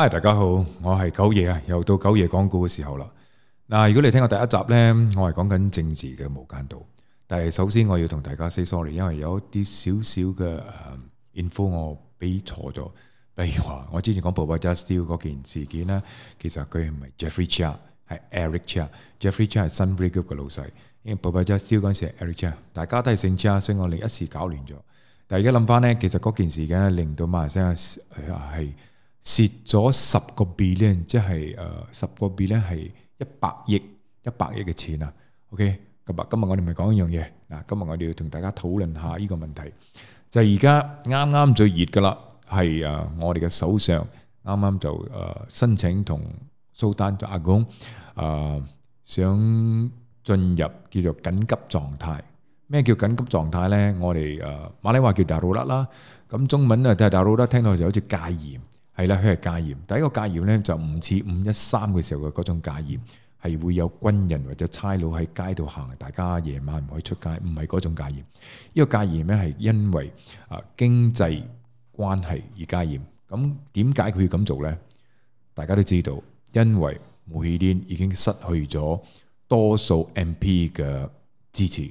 Hi 大家好，我係九爺啊，又到九爺講故嘅時候啦。嗱，如果你聽我第一集呢，我係講緊政治嘅無間道。但係首先我要同大家 say sorry，因為有一啲少少嘅 info 我俾錯咗。例如話我之前講 Perwaja Steel 嗰件事件呢，其實佢唔係 Jeffrey Chia，係 Eric Chia。Jeffrey Chia 係 Sunway 嘅老細，因為 Perwaja Steel 嗰時係 Eric Chia，大家都係姓 Chia，所以我哋一時搞亂咗。但係而家諗翻呢，其實嗰件事件呢令到馬來西亞係蝕咗十個 b 咧，即係誒十個 b 咧係一百億，一百億嘅錢啊！OK，咁啊，今日我哋咪講一樣嘢啊！今日我哋要同大家討論下呢個問題，就係而家啱啱最熱噶啦，係誒我哋嘅首相啱啱就誒申請同蘇丹阿公誒想進入叫做緊急狀態。咩叫緊急狀態咧？我哋誒馬來話叫 Darurat 啦，咁中文啊就係 Darurat，聽到就好似戒嚴。係啦，佢係戒嚴。第一個戒嚴咧，就唔似五一三嘅時候嘅嗰種戒嚴，係會有軍人或者差佬喺街度行，大家夜晚唔可以出街，唔係嗰種戒嚴。呢個戒嚴咧係因為啊經濟關係而戒嚴。咁點解佢要咁做咧？大家都知道，因為慕尤丁已經失去咗多數 MP 嘅支持。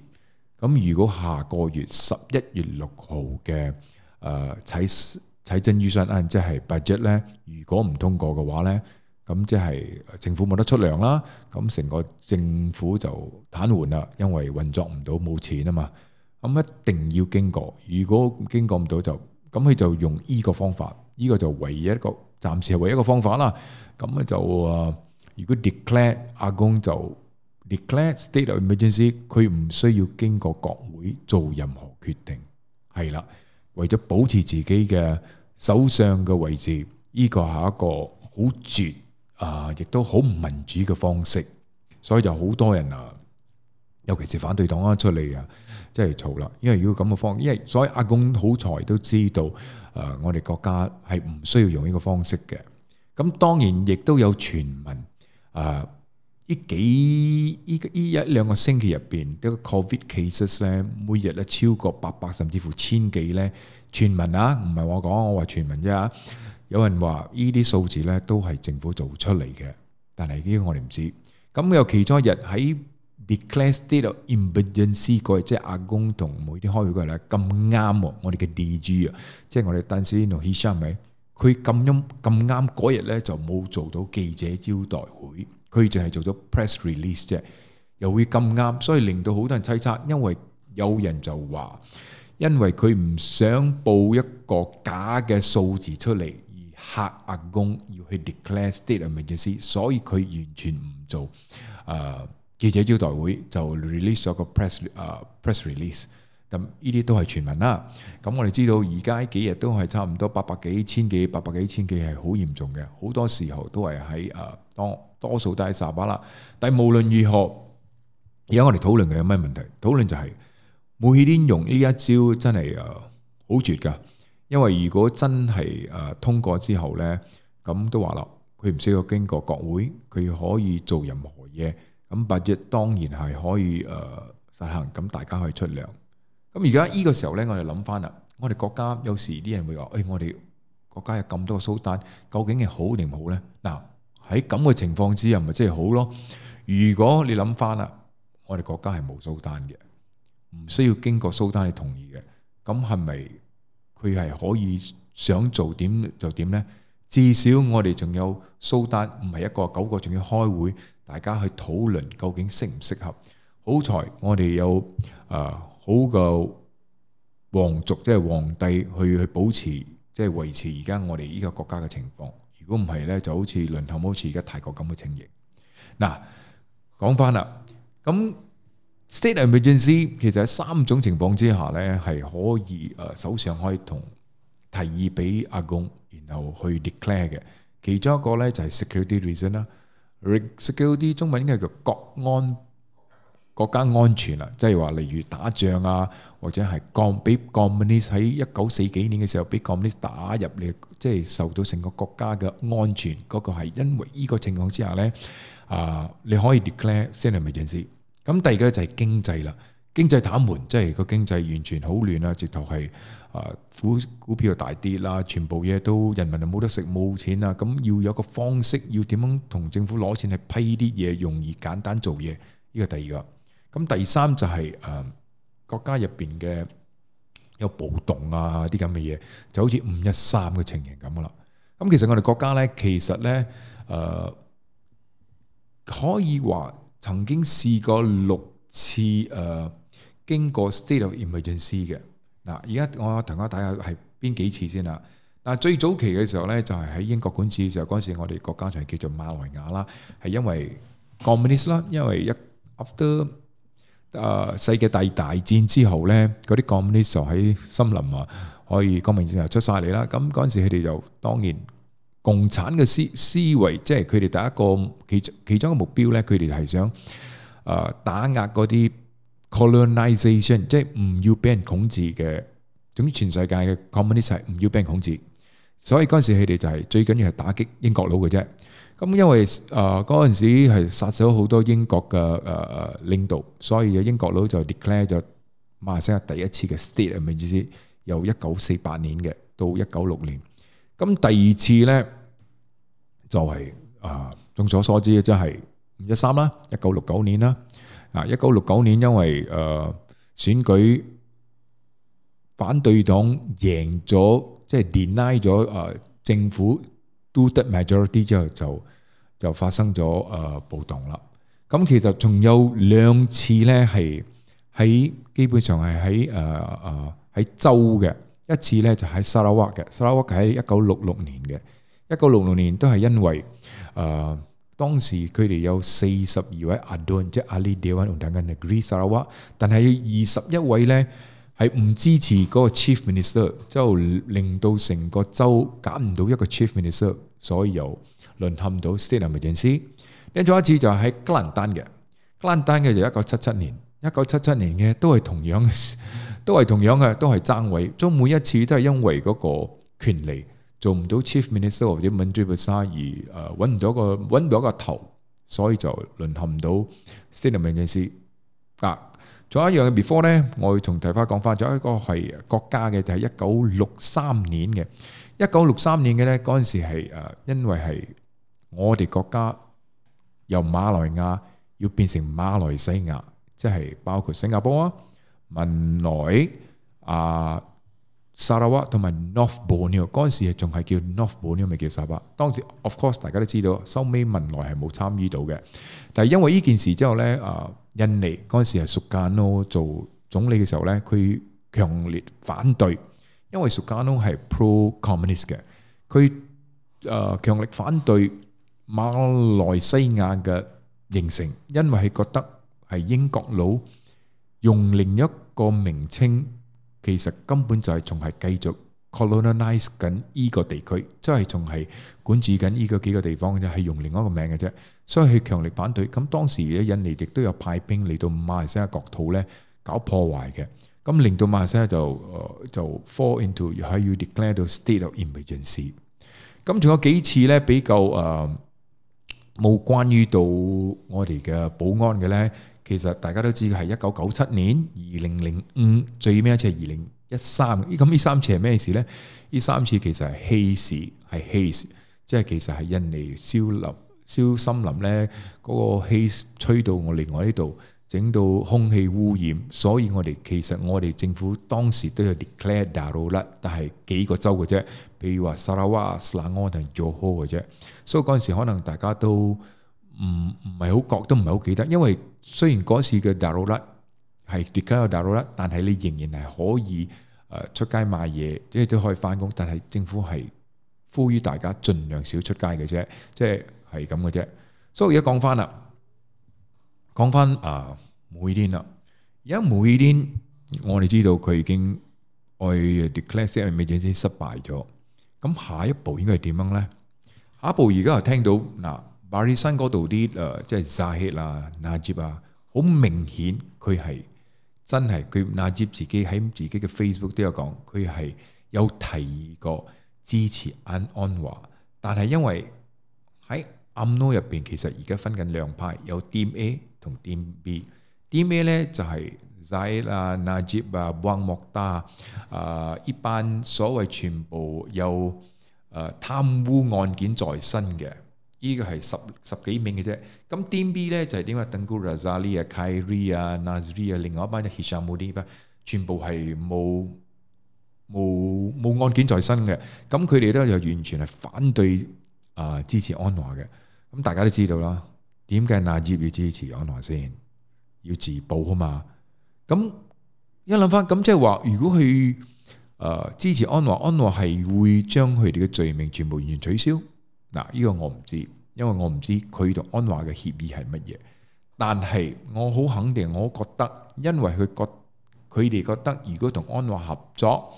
咁如果下個月十一月六號嘅誒喺。呃睇真預算啊！即係 budget 咧，如果唔通過嘅話咧，咁即係政府冇得出糧啦。咁成個政府就癱瘓啦，因為運作唔到冇錢啊嘛。咁一定要經過，如果經過唔到就，咁佢就用依個方法，依個就唯一一個暫時係唯一一個方法啦。咁咧就誒，如果 declare 阿公就 declare state of emergency，佢唔需要經過國會做任何決定，係啦。為咗保持自己嘅首相嘅位置，呢、這個係一個好絕啊，亦都好唔民主嘅方式，所以就好多人啊，尤其是反對黨啊出嚟啊，即係吵啦。因為如果咁嘅方式，因為所以阿公好才都知道，誒、啊，我哋國家係唔需要用呢個方式嘅。咁、啊、當然亦都有傳聞啊。依幾依依一兩個星期入邊，個 covid cases 咧，每日咧超過八百，甚至乎千幾咧。傳聞啊，唔係我講，我話傳聞啫嚇。有人話依啲數字咧都係政府做出嚟嘅，但係呢個我哋唔知。咁又其中一日喺 declared emergency 嗰日，即係阿公同某啲開會嗰日咧咁啱喎。我哋嘅 DG 啊，即係我哋丹斯里諾希山咪，佢咁陰咁啱嗰日咧就冇做到記者招待會。佢就係做咗 press release 啫，又會咁啱，所以令到好多人猜測。因為有人就話，因為佢唔想報一個假嘅數字出嚟，而嚇阿公要去 declare state of emergency，所以佢完全唔做。誒、呃，記者招待會就 release 咗個 press 誒、呃、press release。咁呢啲都係傳聞啦。咁我哋知道，而家幾日都係差唔多八百幾千幾、八百幾千幾係好嚴重嘅。好多時候都係喺誒當。多數都係沙巴啦，但係無論如何，而家我哋討論嘅有咩問題？討論就係慕尤丁用呢一招真係啊好絕噶，因為如果真係啊通過之後咧，咁都話啦，佢唔需要經過國會，佢可以做任何嘢。咁 Budget 當然係可以誒實行，咁大家可以出糧。咁而家呢個時候咧，我哋諗翻啦，我哋國家有時啲人會話，誒我哋國家有咁多蘇丹，究竟係好定唔好咧？嗱。喺咁嘅情況之下，咪即係好咯。如果你諗翻啦，我哋國家係冇蘇丹嘅，唔需要經過蘇丹嘅同意嘅，咁係咪佢係可以想做點就點呢？至少我哋仲有蘇丹，唔係一個九個仲要開會，大家去討論究竟適唔適合。好彩我哋有啊好嘅皇族，即係皇帝去去保持，即係維持而家我哋呢個國家嘅情況。如果唔係咧，就好似輪頭好似而家泰國咁嘅情形。嗱，講翻啦，咁 state emergency 其實喺三種情況之下咧，係可以誒首相可以同提議俾阿公，然後去 declare 嘅。其中一個咧就係 security reason 啦，security 中文應該叫國安。國家安全啦，即係話例如打仗啊，或者係共俾 communist 喺一九四幾年嘅時候俾 communist 打入嚟，即係受到成個國家嘅安全嗰個係因為呢個情況之下咧，啊你可以 declare state of emergency。咁第二個就係經濟啦，經濟打門，即係個經濟完全好亂啊，直頭係啊股股票大跌啦，全部嘢都人民就冇得食冇錢啊，咁要有一個方式要點樣同政府攞錢去批啲嘢容易簡單做嘢，呢個第二個。咁第三就係、是、誒、呃、國家入邊嘅有暴動啊啲咁嘅嘢，就好似五一三嘅情形咁噶啦。咁、嗯、其實我哋國家咧，其實咧誒、呃、可以話曾經試過六次誒、呃、經過 state of emergency 嘅。嗱、呃，而家我同大家睇下係邊幾次先啦。嗱、呃，最早期嘅時候咧，就係、是、喺英國管治嘅時候嗰陣時，我哋國家就係叫做馬來亞啦，係因為 communist 啦，因為一 after。誒、啊、世界第二大戰之後咧，嗰啲共產黨就喺森林啊，可以光明正大出晒嚟啦。咁嗰陣時佢哋就當然共產嘅思思維，即係佢哋第一個其，其中其中嘅目標咧，佢哋係想誒打壓嗰啲 colonization，即係唔要俾人控制嘅，總之全世界嘅共產黨係唔要俾人控制。所以嗰陣時佢哋就係、是、最緊要係打擊英國佬嘅啫。咁因為誒嗰陣時係殺死咗好多英國嘅誒、呃、領導，所以英國佬就 declare 咗馬來西亞第一次嘅 state 咩意思？由一九四八年嘅到一九六年，咁第二次咧就係誒眾所所知嘅，即係五一三啦，一九六九年啦。啊、呃，一九六九年因為誒、呃、選舉，反對黨贏咗，即係 deny 咗誒政府。都得 majority 之後就就發生咗誒暴動啦。咁其實仲有兩次咧係喺基本上係喺誒誒喺州嘅一次咧就喺沙拉瓦嘅沙拉瓦喺一九六六年嘅一九六六年都係因為誒當時佢哋有四十二位阿 Don 即係阿里迪安與騰吉納裏沙拉瓦但係二十一位咧。係唔支持嗰個 chief minister，就令到成個州揀唔到一個 chief minister，所以又淪陷到 state level emergency。另一次就喺吉蘭丹嘅，吉蘭丹嘅就一九七七年，一九七七年嘅都係同樣，都係同樣嘅，都係爭位。即每一次都係因為嗰個權力做唔到 chief minister 或者 Menteri Besar 而誒揾唔到個揾唔到個頭，所以就淪陷到 state level emergency 啊。仲有一樣嘅 before 咧，我要同大家講翻。仲有一個係國家嘅，就係一九六三年嘅。一九六三年嘅咧，嗰陣時係誒，因為係我哋國家由馬來亞要變成馬來西亞，即係包括新加坡啊、文萊啊。沙拉瓦同埋 North Borneo，嗰陣時仲係叫 North Borneo，未叫沙巴。當時 of course 大家都知道，收尾文萊係冇參與到嘅。但係因為呢件事之後咧，啊，印尼嗰陣時係蘇加諾做總理嘅時候咧，佢強烈反對，因為蘇加諾係 pro communist 嘅，佢啊強力反對馬來西亞嘅形成，因為係覺得係英國佬用另一個名稱。其實根本就係仲係繼續 colonize 緊依個地區，即係仲係管治緊依個幾個地方嘅啫，係用另一個名嘅啫。所以佢強力反對。咁當時咧，印尼亦都有派兵嚟到馬來西亞國土咧，搞破壞嘅，咁令到馬來西亞就誒就 fall into 又係要 declare 到 state of emergency。咁仲有幾次咧，比較誒冇關於到我哋嘅保安嘅咧？其實大家都知佢係一九九七年、二零零五，最尾一次係二零一三。咁呢三次係咩事咧？呢三次其實係 haze，係 haze，即係其實係印尼燒林、燒森林咧，嗰個 haze 吹到我另外呢度，整到空氣污染。所以我哋其實我哋政府當時都有 declaredarurat 啦，但係幾個州嘅啫，譬如話沙拉哇、斯蘭安同 Johor 嘅啫。所以嗰陣時可能大家都唔唔係好覺都唔係好記得，因為。雖然嗰次嘅 lockdown 係 declare 嘅 lockdown，但係你仍然係可以誒出街賣嘢，即係都可以返工。但係政府係呼籲大家儘量少出街嘅啫，即係係咁嘅啫。所以而家講翻啦，講翻啊每天啦，而家每天我哋知道佢已經愛 declare 嘅嘢未正式失敗咗。咁下一步應該係點樣咧？下一步而家又聽到嗱。馬來西亞嗰度啲誒，即係沙希啦、納吉啊，好明顯佢係真係佢納吉自己喺自己嘅 Facebook 都有講，佢係有提過支持安安華，但係因為喺暗 no 入邊，其實而家分緊兩派，有 DMA 同 DMB，DMA 咧就係沙希啦、納吉啊、旺莫達啊，一班所謂全部有誒貪污案件在身嘅。呢、這個係十十幾名嘅啫，咁 D.B. 咧就係點解？登古拉扎利啊、卡瑞啊、納瑞啊，另外一班就希沙穆全部係冇冇冇案件在身嘅。咁佢哋都又完全係反對啊、呃、支持安華嘅。咁大家都知道啦，點解納吉要支持安華先？要自保啊嘛。咁一諗翻，咁即係話，如果佢誒、呃、支持安華，安華係會將佢哋嘅罪名全部完全取消。嗱，呢個我唔知，因為我唔知佢同安華嘅協議係乜嘢。但係我好肯定，我覺得，因為佢覺，佢哋覺得如果同安華合作，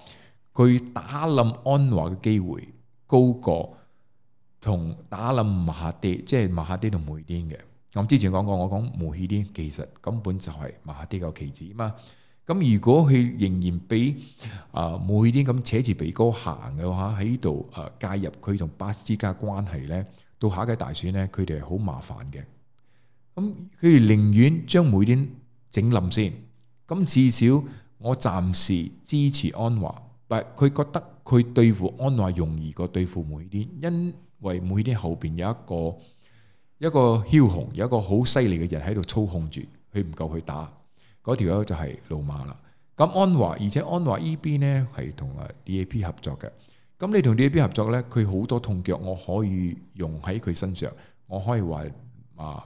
佢打冧安華嘅機會高過同打冧馬哈迪，即係馬哈迪同慕尤丁嘅。我之前講過，我講慕尤丁其實根本就係馬哈迪嘅棋子嘛。咁如果佢仍然俾啊、呃、每天咁扯住鼻哥行嘅話，喺度啊介入佢同巴斯加關係咧，到下屆大選咧，佢哋係好麻煩嘅。咁佢哋寧願將每天整冧先，咁、嗯、至少我暫時支持安華，但佢覺得佢對付安華容易過對付每天，因為每天後邊有一個一個梟雄，有一個好犀利嘅人喺度操控住，佢唔夠去打。嗰條友就係老馬啦。咁安華，而且安華依邊呢係同啊 DAP 合作嘅。咁你同 DAP 合作呢，佢好多痛腳，我可以用喺佢身上。我可以話啊，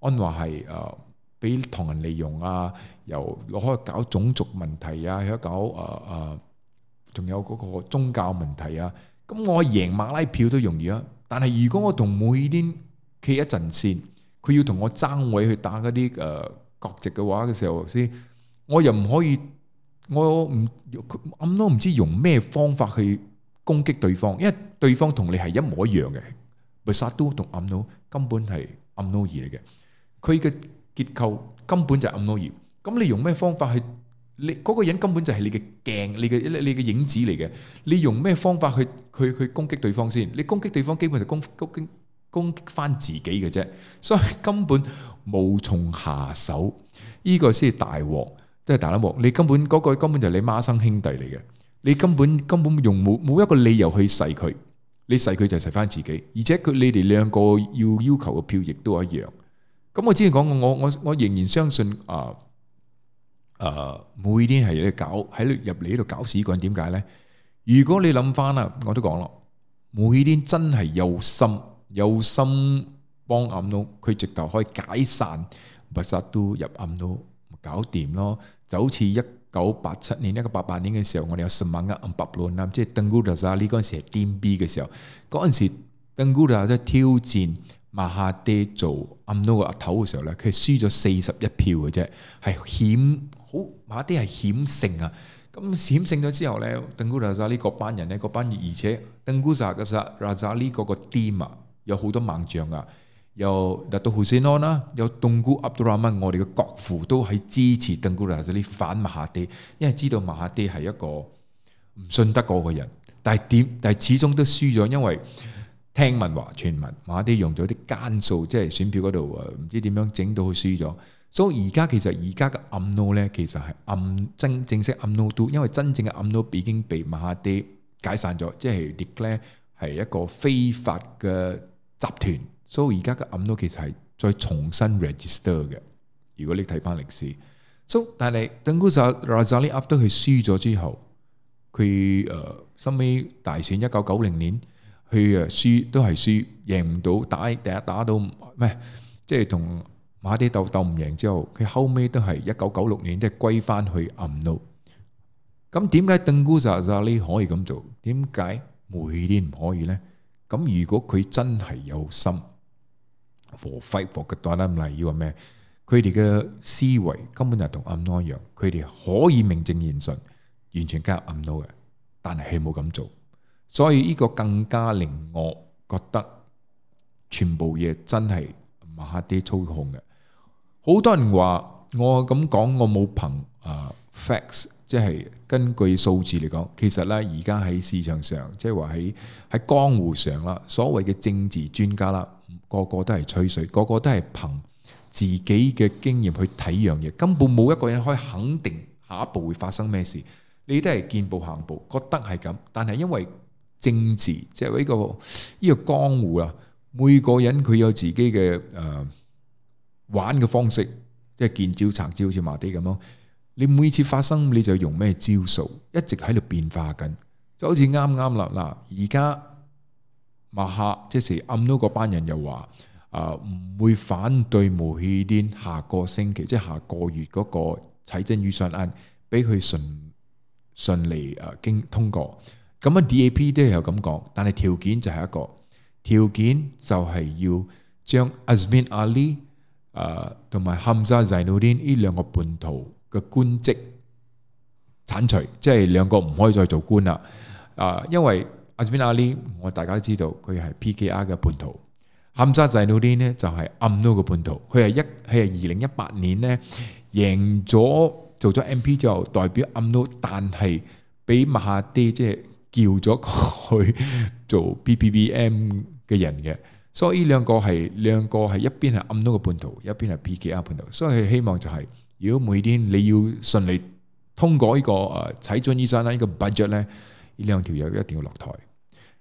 安華係啊俾唐人利用啊，又攞開搞種族問題啊，去搞啊啊，仲、啊、有嗰個宗教問題啊。咁我贏馬拉票都容易啊。但係如果我同每天企一陣線，佢要同我爭位去打嗰啲誒。啊角直嘅話嘅時候先，我又唔可以，我唔暗 no 唔知用咩方法去攻擊對方，因為對方同你係一模一樣嘅，咪殺都同暗 no 根本係暗 no 二嚟嘅，佢嘅結構根本就係暗 no 二，咁你用咩方法去？你嗰個人根本就係你嘅鏡，你嘅你嘅影子嚟嘅，你用咩方法去？去去攻擊對方先，你攻擊對方，基本上就攻攻擊，攻擊翻自己嘅啫，所以根本無從下手。呢個先係大鑊，即係大粒鑊。你根本嗰個根本就係你孖生兄弟嚟嘅，你根本根本用冇冇一個理由去細佢，你細佢就係細翻自己。而且佢你哋兩個要要求嘅票亦都一樣。咁我之前講過，我我我仍然相信啊，誒每天係咧搞喺入嚟呢度搞屎棍點解呢？如果你諗翻啦，我都講咯，每天真係有心。有心幫暗奴，佢直頭可以解散密薩都入暗奴，咪搞掂咯。就好似一九八七年呢個八八年嘅時候，我哋有十萬個五百羅南，即係登古達扎呢嗰陣時係 Team B 嘅時候。嗰陣時登古達扎挑戰馬哈爹做暗奴個阿頭嘅時候咧，佢輸咗四十一票嘅啫，係險好馬哈爹係險勝啊！咁險勝咗之後咧，登古達扎呢個班人咧，個班而且登古扎嘅扎達扎呢嗰個 team 啊。有好多猛將啊！有達到豪斯諾啦，有鄧古阿多拉曼，我哋嘅國父都喺支持鄧古拉什利反馬哈迪，因為知道馬哈迪係一個唔信得過嘅人。但係點？但係始終都輸咗，因為聽聞話傳聞馬哈迪用咗啲奸數，即係選票嗰度唔知點樣整到佢輸咗。所以而家其實而家嘅暗 no 咧，其實係暗真正式暗 no 都，因為真正嘅暗 no 已經被馬哈迪解散咗，即係 declare 係一個非法嘅。集團，所以而家嘅暗奴其實係再重新 register 嘅。如果你睇翻歷史，so，但係鄧古扎扎利，after 佢輸咗之後，佢誒，後尾大選一九九零年，佢誒，輸都係輸，贏唔到，打第一，打到唔係，即係同馬爹鬥，鬥唔贏之後，佢後尾都係一九九六年即係歸翻去暗奴。咁點解鄧古扎扎利可以咁做？點解每年唔可以咧？咁如果佢真係有心和 fake 嘅對立，例如話咩，佢哋嘅思維根本就同 UMNO 一樣，佢哋可以名正言順完全加入 UMNO 嘅，但係佢冇咁做，所以呢個更加令我覺得全部嘢真係馬哈迪操控嘅。好多人話我咁講，我冇憑啊 facts。即係根據數字嚟講，其實咧而家喺市場上，即係話喺喺江湖上啦，所謂嘅政治專家啦，個個都係吹水，個個都係憑自己嘅經驗去睇樣嘢，根本冇一個人可以肯定下一步會發生咩事。你都係見步行步，覺得係咁。但係因為政治，即係呢個呢個江湖啊，每個人佢有自己嘅誒、呃、玩嘅方式，即係見招拆招，好似麻啲咁咯。你每次發生你就用咩招數，一直喺度變化緊，就好似啱啱啦嗱。而家馬哈迪即係 UMNO 嗰班人又話，啊唔會反對，慕尤丁下個星期即係下個月嗰個財政預算案俾佢順順利啊經通過。咁啊，DAP 都係有咁講，但係條件就係一個條件就係要將 Azmin Ali 啊同埋 Hamzah Zainudin 呢兩個叛徒。嘅官職剷除，即係兩個唔可以再做官啦。啊，因為阿邊阿呢，我大家都知道佢係 P K R 嘅叛徒。坎沙濟努呢，就係暗努嘅叛徒。佢係一佢係二零一八年呢贏咗做咗 M P 之後，代表暗努，但係俾馬哈迪即係叫咗佢做 P P B M 嘅人嘅。所以呢兩個係兩個係一邊係暗努嘅叛徒，一邊係 P K R 叛徒。所以佢希望就係。如果每天你要順利通過呢個誒睇準醫生咧，呢個 budget 咧，呢兩條友一定要落台。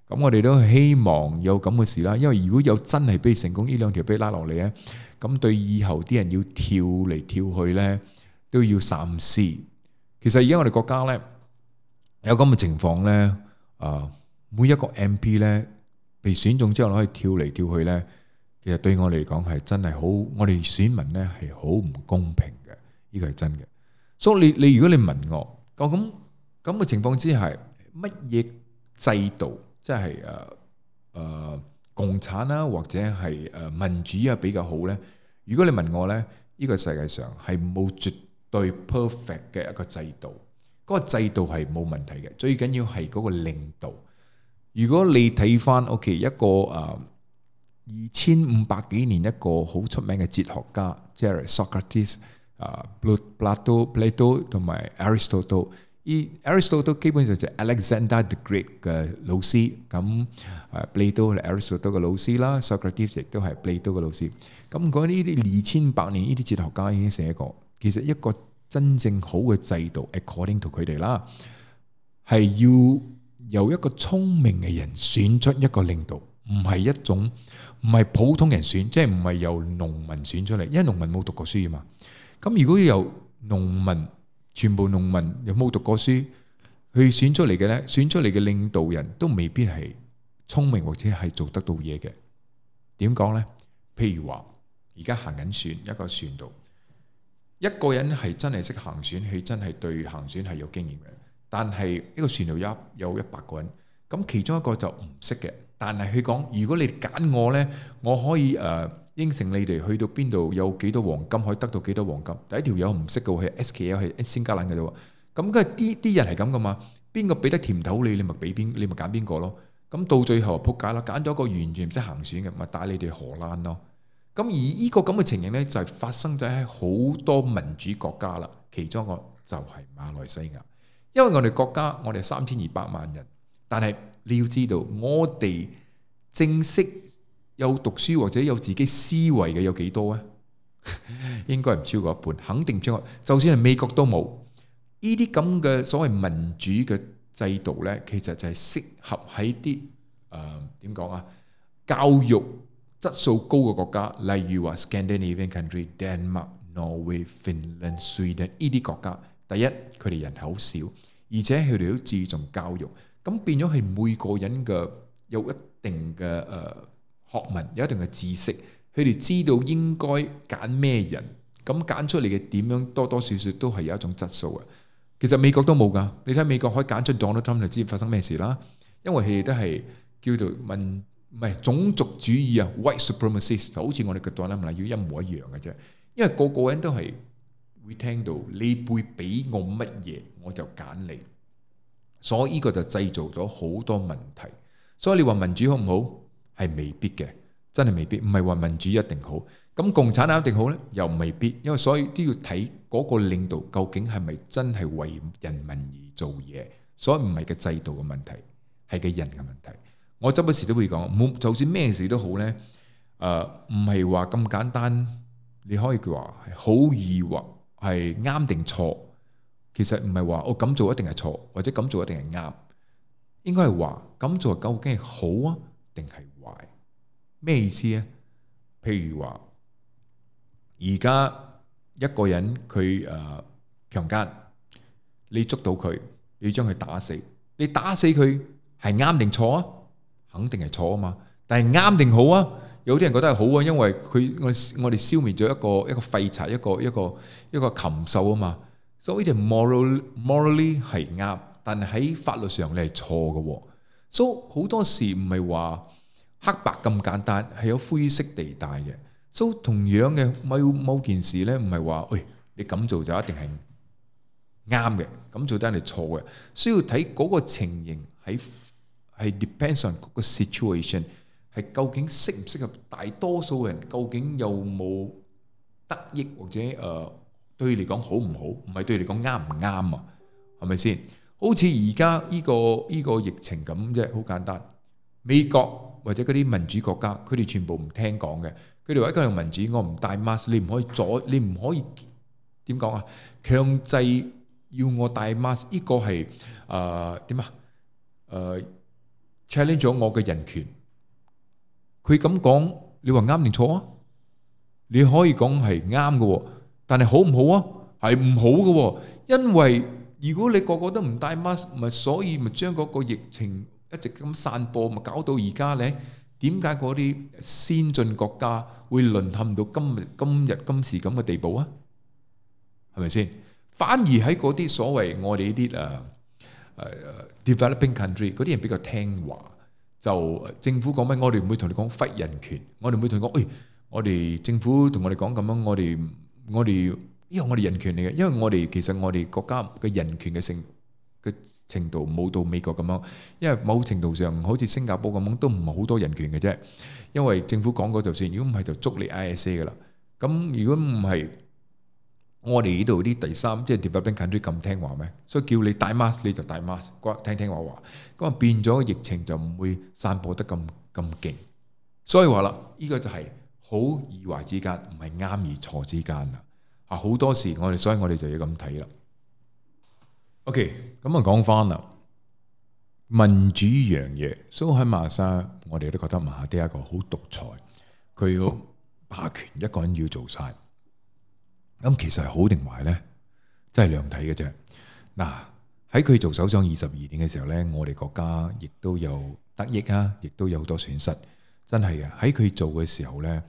咁我哋都希望有咁嘅事啦，因為如果有真係俾成功，呢兩條俾拉落嚟咧，咁對以後啲人要跳嚟跳去咧，都要三思。其實而家我哋國家咧有咁嘅情況咧，誒每一個 MP 咧被選中之後攞去跳嚟跳去咧，其實對我嚟講係真係好，我哋選民咧係好唔公平。呢、這個係真嘅，所、so，以你你如果你問我，講咁咁嘅情況之下，乜嘢制度，即係誒誒共產啊，或者係誒、呃、民主啊比較好咧？如果你問我咧，呢、這個世界上係冇絕對 perfect 嘅一個制度，嗰、那個制度係冇問題嘅，最緊要係嗰個領導。如果你睇返 OK 一個誒二千五百幾年一個好出名嘅哲學家，即係 Socrates。啊，柏拉圖，Plato 同埋 Aristotle，依 Aristotle，基本上就係 Alexander the Great 嘅老師，咁啊，Plato 係 Aristotle 嘅老師啦，Socrates 亦都係 Plato 嘅老師。咁呢啲二千百年呢啲哲學家已經寫過，其實一個真正好嘅制度，係 according to 佢哋啦，係要由一個聰明嘅人選出一個領導，唔係一種，唔係普通人選，即係唔係由農民選出嚟，因為農民冇讀過書啊嘛。咁如果由農民，全部農民又冇讀過書，去選出嚟嘅呢，選出嚟嘅領導人都未必係聰明或者係做得到嘢嘅。點講呢？譬如話，而家行緊船，一個船度，一個人係真係識行船，佢真係對行船係有經驗嘅。但係一個船度有有一百個人，咁其中一個就唔識嘅，但係佢講：如果你揀我呢，我可以誒。應承你哋去到邊度有幾多黃金，可以得到幾多黃金。第一條友唔識嘅喎，係 SKU 係先加捻嘅啫喎。咁佢啲啲人係咁噶嘛。邊個俾得甜頭你，你咪俾邊，你咪揀邊個咯。咁到最後撲街啦，揀咗一個完全唔識行選嘅，咪帶你哋荷蘭咯。咁而呢個咁嘅情形咧，就係發生咗喺好多民主國家啦。其中一個就係馬來西亞，因為我哋國家我哋三千二百萬人，但係你要知道我哋正式。有讀書或者有自己思維嘅有幾多啊？應該唔超過一半，肯定超過。就算係美國都冇呢啲咁嘅所謂民主嘅制度咧，其實就係適合喺啲誒點講啊？教育質素高嘅國家，例如話 Scandinavian country、Denmark、Norway、Finland、Sweden 呢啲國家，第一佢哋人口少，而且佢哋都注重教育，咁變咗係每個人嘅有一定嘅誒。學民有一定嘅知識，佢哋知道應該揀咩人，咁揀出嚟嘅點樣多多少少都係有一種質素啊。其實美國都冇噶，你睇美國可以揀出 Donald Trump 就知發生咩事啦。因為佢哋都係叫做民唔係種族主義啊，White supremacist，好似我哋嘅 Donald 啊要一模一樣嘅啫。因為個個人都係會聽到你會俾我乜嘢，我就揀你，所以呢個就製造咗好多問題。所以你話民主好唔好？係未必嘅，真係未必，唔係話民主一定好，咁共產黨一定好呢，又未必，因為所以都要睇嗰個領導究竟係咪真係為人民而做嘢，所以唔係個制度嘅問題，係個人嘅問題。我周不時都會講，冇就算咩事都好呢，誒唔係話咁簡單，你可以話好易或係啱定錯，其實唔係話我咁做一定係錯，或者咁做一定係啱，應該係話咁做究竟係好啊定係？咩意思啊？譬如話，而家一個人佢誒強姦，你捉到佢，你將佢打死，你打死佢係啱定錯啊？肯定係錯啊嘛。但係啱定好啊？有啲人覺得係好啊，因為佢我我哋消滅咗一個一個廢柴，一個一個一個一個禽獸啊嘛。所以就 morally morally 係啱，但係喺法律上你係錯嘅。所以好多時唔係話，黑白咁簡單，係有灰色地帶嘅。所以同樣嘅某某件事呢，唔係話，喂，你咁做就一定係啱嘅，咁做真係錯嘅。需要睇嗰個情形，係係 depends on 嗰個 situation，係究竟適唔適合大多數人？究竟有冇得益或者誒對你嚟講好唔好？唔係對你嚟講啱唔啱啊？係咪先？好似而家呢個呢個疫情咁啫，好簡單，美國。或者嗰啲民主國家，佢哋全部唔聽講嘅。佢哋話一個人民主，我唔戴 mask，你唔可以阻，你唔可以點講啊？強制要我戴 mask，呢個係誒點啊？誒 challenge 咗我嘅人權。佢咁講，你話啱定錯啊？你可以講係啱嘅，但係好唔好啊？係唔好嘅，因為如果你個個都唔戴 mask，咪所以咪將嗰個疫情，一直咁散播，咪搞到而家咧？點解嗰啲先進國家會淪陷到今日今日今時咁嘅地步啊？係咪先？反而喺嗰啲所謂我哋呢啲誒誒 developing country 嗰啲人比較聽話，就政府講咩，我哋唔會同你講廢人權，我哋唔會同你講，誒，我哋政府同我哋講咁樣，我哋我哋，因為我哋人權嚟嘅，因為我哋其實我哋國家嘅人權嘅性。嘅程度冇到美國咁樣，因為某程度上好似新加坡咁樣都唔係好多人權嘅啫。因為政府講過就算，如果唔係就捉你 ISA 噶啦。咁如果唔係，我哋呢度啲第三即係 developing country 咁聽話咩？所以叫你戴 mask 你就戴 mask，講聽聽話話，咁啊變咗疫情就唔會散播得咁咁勁。所以話啦，呢個就係好與壞之間，唔係啱與錯之間啦。啊，好多時我哋，所以我哋就要咁睇啦。OK，咁啊，講翻啦。民主呢樣嘢，蘇哈馬沙，我哋都覺得馬爹一個好獨裁，佢要霸權，一個人要做晒。咁其實係好定壞咧？真係兩睇嘅啫。嗱，喺佢做首相二十二年嘅時候咧，我哋國家亦都有得益啊，亦都有好多損失。真係啊，喺佢做嘅時候咧，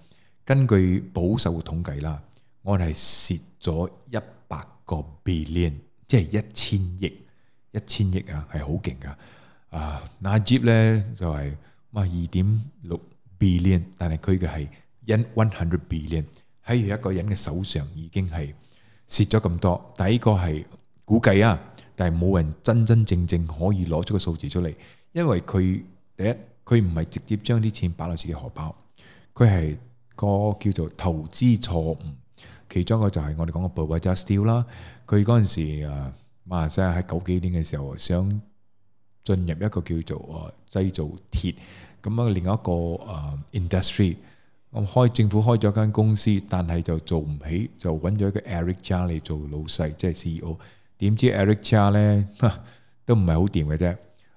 根據保守嘅統計啦，我哋係蝕咗一百個 billion。即係一千億，一千億啊，係好勁噶，啊、uh,，Najib 咧就係、是、哇二點六 billion，但係佢嘅係一 one hundred billion 喺一個人嘅手上已經係蝕咗咁多，第一個係估計啊，但係冇人真真正正可以攞出個數字出嚟，因為佢第一佢唔係直接將啲錢擺落自己荷包，佢係個叫做投資錯誤。其中一個就係我哋講嘅 Perwaja Steel 啦，佢嗰陣時啊，馬來西亞喺九幾年嘅時候想進入一個叫做啊製造鐵，咁啊另一個啊 Industry，我、啊、開政府開咗間公司，但係就做唔起，就揾咗一個 Eric Chia 嚟做老細，即、就、係、是、CEO。點知 Eric Chia 咧都唔係好掂嘅啫，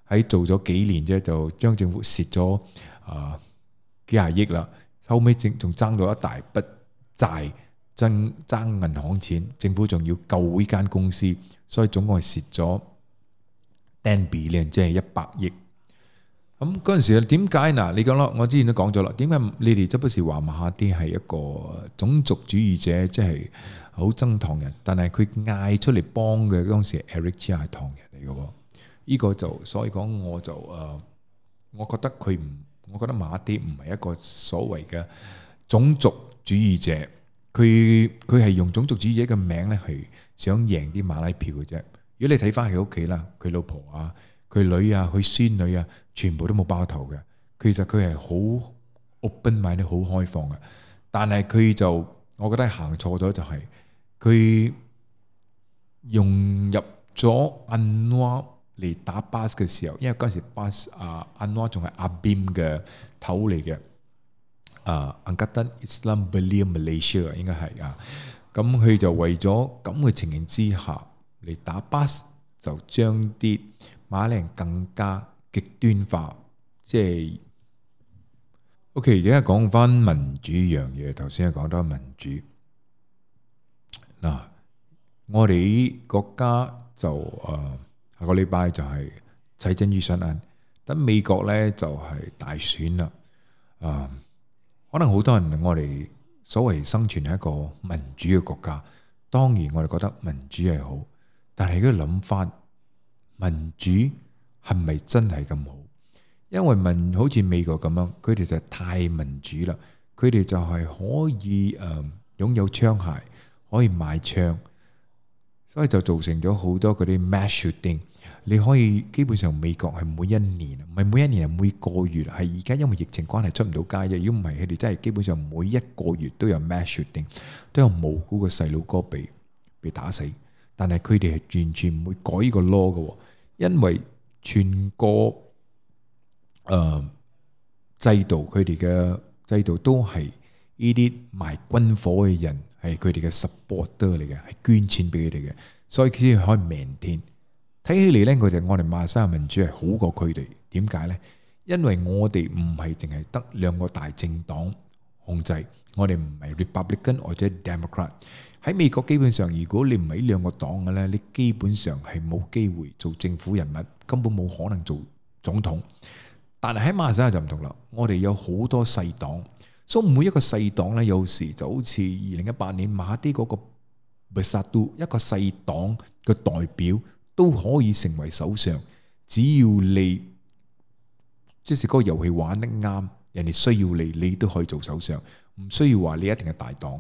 喺做咗幾年啫，就將政府蝕咗啊幾廿億啦，後尾整仲爭咗一大筆債。爭爭銀行錢，政府仲要救呢間公司，所以總共係蝕咗 ten billion 即係一百億。咁嗰陣時點解嗱？你講咯，我之前都講咗啦。點解你哋周不時話馬啲係一個種族主義者，即係好憎唐人？但係佢嗌出嚟幫嘅當時 Eric Chia 係唐人嚟嘅，呢、這個就所以講我就誒，我覺得佢唔，我覺得馬啲唔係一個所謂嘅種族主義者。佢佢係用種族主義嘅名咧，係想贏啲馬拉票嘅啫。如果你睇翻佢屋企啦，佢老婆啊、佢女啊、佢孫女啊，全部都冇包頭嘅。其實佢係好 open Mind，好開放嘅。但係佢就我覺得行錯咗就係、是、佢融入咗阿 n w a 嚟打巴士嘅時候，因為嗰時 Bus 啊 a n w a 仲係阿 b i m 嘅頭嚟嘅。啊，Angkatan Islam Belia Malaysia 應該係啊，咁佢就為咗咁嘅情形之下嚟打巴士，就將啲馬鈴更加極端化。即係，OK，而家講翻民主樣嘢，頭先係講到民主。嗱，我哋國家就啊，下個禮拜就係財政預算案，等美國咧就係大選啦，啊。可能好多人我哋所謂生存係一個民主嘅國家，當然我哋覺得民主係好，但係如果諗翻民主係咪真係咁好？因為民好似美國咁樣，佢哋就太民主啦，佢哋就係可以誒擁有槍械，可以買槍，所以就造成咗好多嗰啲 mass shooting。你可以基本上美國係每一年，唔係每一年係每個月，係而家因為疫情關係出唔到街啫。如果唔係，佢哋真係基本上每一個月都有 mass shooting，都有無辜嘅細路哥被被打死。但係佢哋係完全唔會改依個 law 嘅，因為全個誒制度，佢哋嘅制度都係依啲賣軍火嘅人係佢哋嘅 supporter 嚟嘅，係捐錢俾佢哋嘅，所以佢先可以 maintain。睇起嚟咧，佢哋我哋馬來西亞民主係好過佢哋。點解咧？因為我哋唔係淨係得兩個大政黨控制，我哋唔係 Republican 或者 Democrat。喺美國基本上，如果你唔係兩個黨嘅咧，你基本上係冇機會做政府人物，根本冇可能做總統。但係喺馬來西亞就唔同啦，我哋有好多細黨，所以每一個細黨咧，有時就好似二零一八年馬啲嗰個 Bersatu，一個細黨嘅代表。都可以成為首相，只要你即係嗰個遊戲玩得啱，人哋需要你，你都可以做首相，唔需要話你一定係大黨。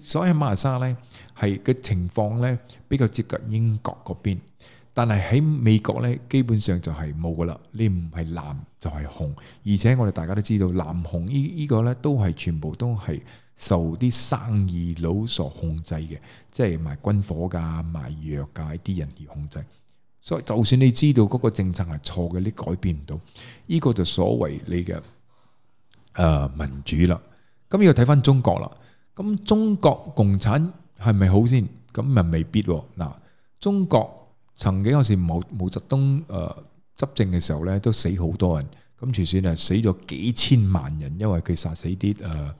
所以馬來西亞呢係嘅情況呢比較接近英國嗰邊。但係喺美國咧，基本上就係冇噶啦。你唔係藍就係、是、紅，而且我哋大家都知道藍紅呢、這、依個咧都係全部都係受啲生意佬所控制嘅，即係賣軍火噶、賣藥界啲人而控制。所以就算你知道嗰個政策係錯嘅，你改變唔到呢個就所謂你嘅、呃、民主啦。咁要睇翻中國啦，咁中國共產係咪好先？咁又未必嗱，中國。曾經有時毛毛澤東誒、呃、執政嘅時候咧，都死好多人，咁就算係死咗幾千萬人，因為佢殺死啲誒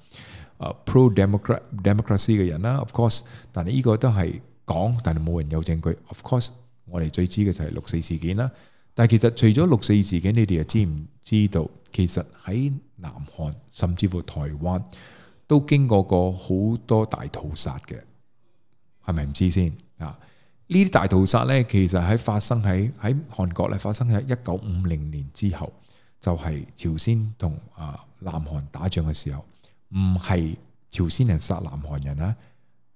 誒 pro democracy democracy 嘅人啦。Of course，但係呢個都係講，但係冇人有證據。Of course，我哋最知嘅就係六四事件啦。但係其實除咗六四事件，你哋又知唔知道，其實喺南韓甚至乎台灣都經過過好多大屠殺嘅，係咪唔知先啊？呢啲大屠殺咧，其實喺發生喺喺韓國咧，發生喺一九五零年之後，就係朝鮮同啊南韓打仗嘅時候，唔係朝鮮人殺南韓人啦，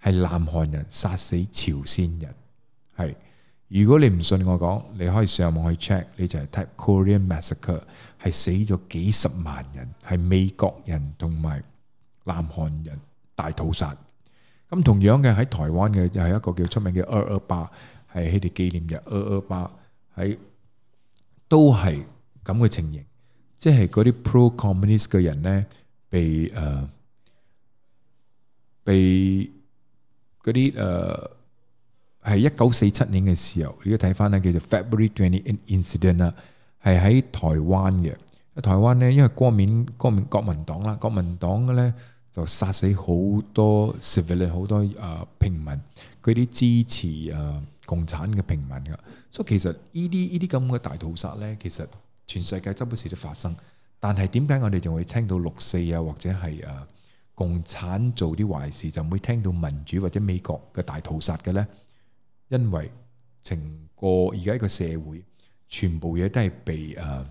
係南韓人殺死朝鮮人。係如果你唔信我講，你可以上網去 check，你就係 type Korean Massacre，係死咗幾十萬人，係美國人同埋南韓人大屠殺。咁同樣嘅喺台灣嘅就係一個叫出名嘅二二八，係佢哋紀念嘅二二八，喺都係咁嘅情形，即係嗰啲 pro-communist 嘅人咧，被誒被嗰啲誒係一九四七年嘅時候，如果睇返咧叫做 February Twenty Incident 啊，係喺台灣嘅，台灣咧因為國民國民國民黨啦，國民黨嘅咧。就殺死好多 civilian 好多啊、呃、平民，佢哋支持啊、呃、共產嘅平民噶，所以其實呢啲呢啲咁嘅大屠殺咧，其實全世界周不時都發生，但係點解我哋仲會聽到六四啊或者係啊、呃、共產做啲壞事，就唔會聽到民主或者美國嘅大屠殺嘅咧？因為成個而家一個社會，全部嘢都係被啊、呃、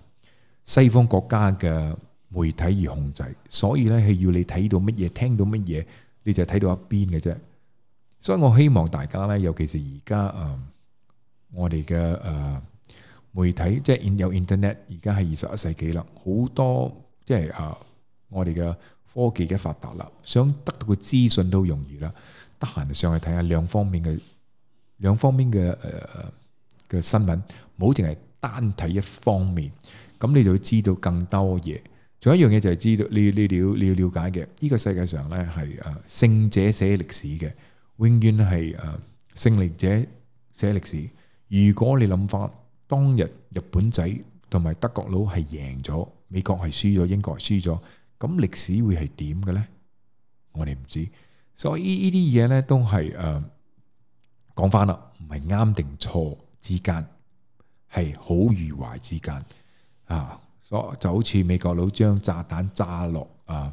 西方國家嘅。媒體而控制，所以咧係要你睇到乜嘢，聽到乜嘢，你就睇到一邊嘅啫。所以我希望大家咧，尤其是而家啊，我哋嘅誒媒體，即係有 Internet，而家係二十一世紀啦，好多即係啊、呃，我哋嘅科技嘅發達啦，想得到個資訊都容易啦。得閒就上去睇下兩方面嘅兩方面嘅誒嘅新聞，唔好淨係單睇一方面，咁你就會知道更多嘢。仲有一樣嘢就係知道，你要你要你要了解嘅，呢個世界上咧係誒勝者寫歷史嘅，永遠係誒勝利者寫歷史。如果你諗翻當日日本仔同埋德國佬係贏咗，美國係輸咗，英國係輸咗，咁歷史會係點嘅咧？我哋唔知，所以呢啲嘢咧都係誒講翻啦，唔係啱定錯之間，係好與壞之間啊。就好似美國佬將炸彈炸落啊，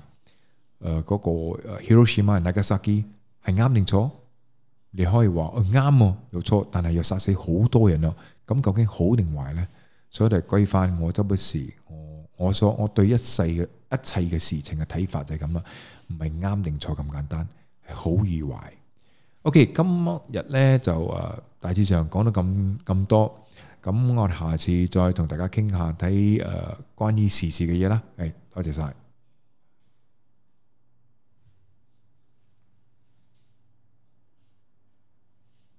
誒嗰個 Hiroshima、Nagasaki，係啱定錯？你可以話誒啱喎，又錯，但係又殺死好多人咯。咁究竟好定壞咧？所以就歸翻我周不時，我我所我對一世嘅一切嘅事情嘅睇法就係咁啦，唔係啱定錯咁簡單，係好與壞。OK，今日咧就誒大致上講到咁咁多。咁我下次再同大家傾下睇誒、呃、關於時事嘅嘢啦。誒，多謝晒。